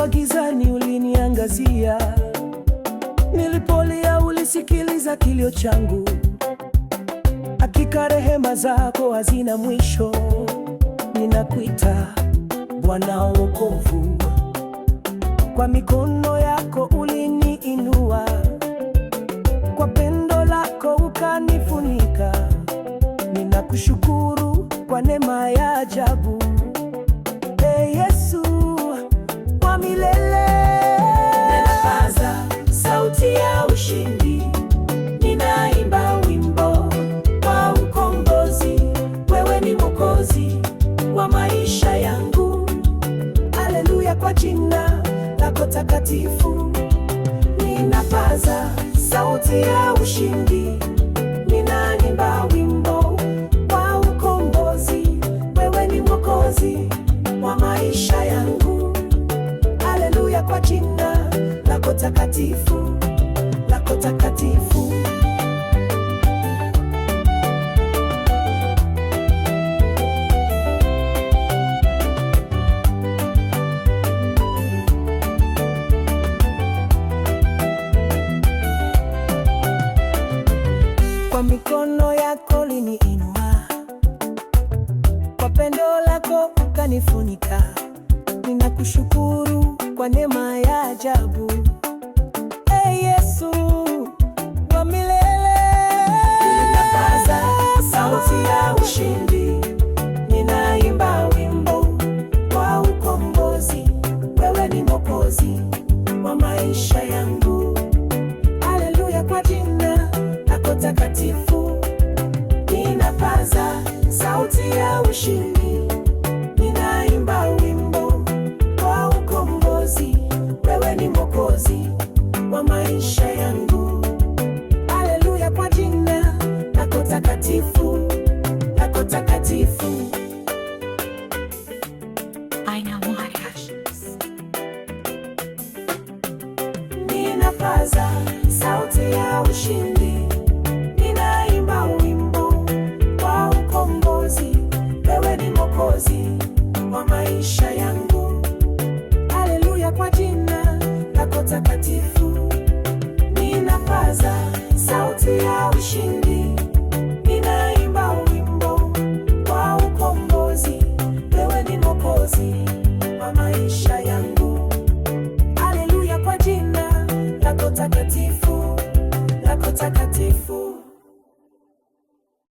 Ukiwa gizani uliniangazia, nilipolia ulisikiliza kilio changu. Hakika rehema zako hazina mwisho, ninakuita Bwana wokovu. Kwa mikono yako uliniinua, kwa pendo lako ukanifunika. Ninakushukuru kwa neema ya ajabu. Ee Yesu milele. Ninapaza sauti ya ushindi, ninaimba wimbo wa ukombozi. Wewe ni Mwokozi wa maisha yangu. aleluya kwa jina lako takatifu ninapaza sauti ya ushindi kuja kwa jina lako takatifu, lako takatifu. Kwa mikono yako liniinua, kwa pendo lako ukanifunika, ninakushukuru kwa neema ya ajabu. Hey ee Yesu wa milele, ninapaza sauti ya ushindi, ninaimba wimbo wa ukombozi. Wewe ni Mwokozi wa maisha yangu. Haleluya, kwa jina lako takatifu, ninapaza sauti ya ushindi mwokozi wa maisha yangu. aleluya kwa jina lako takatifu, lako takatifu ninapaza sauti ya ushindi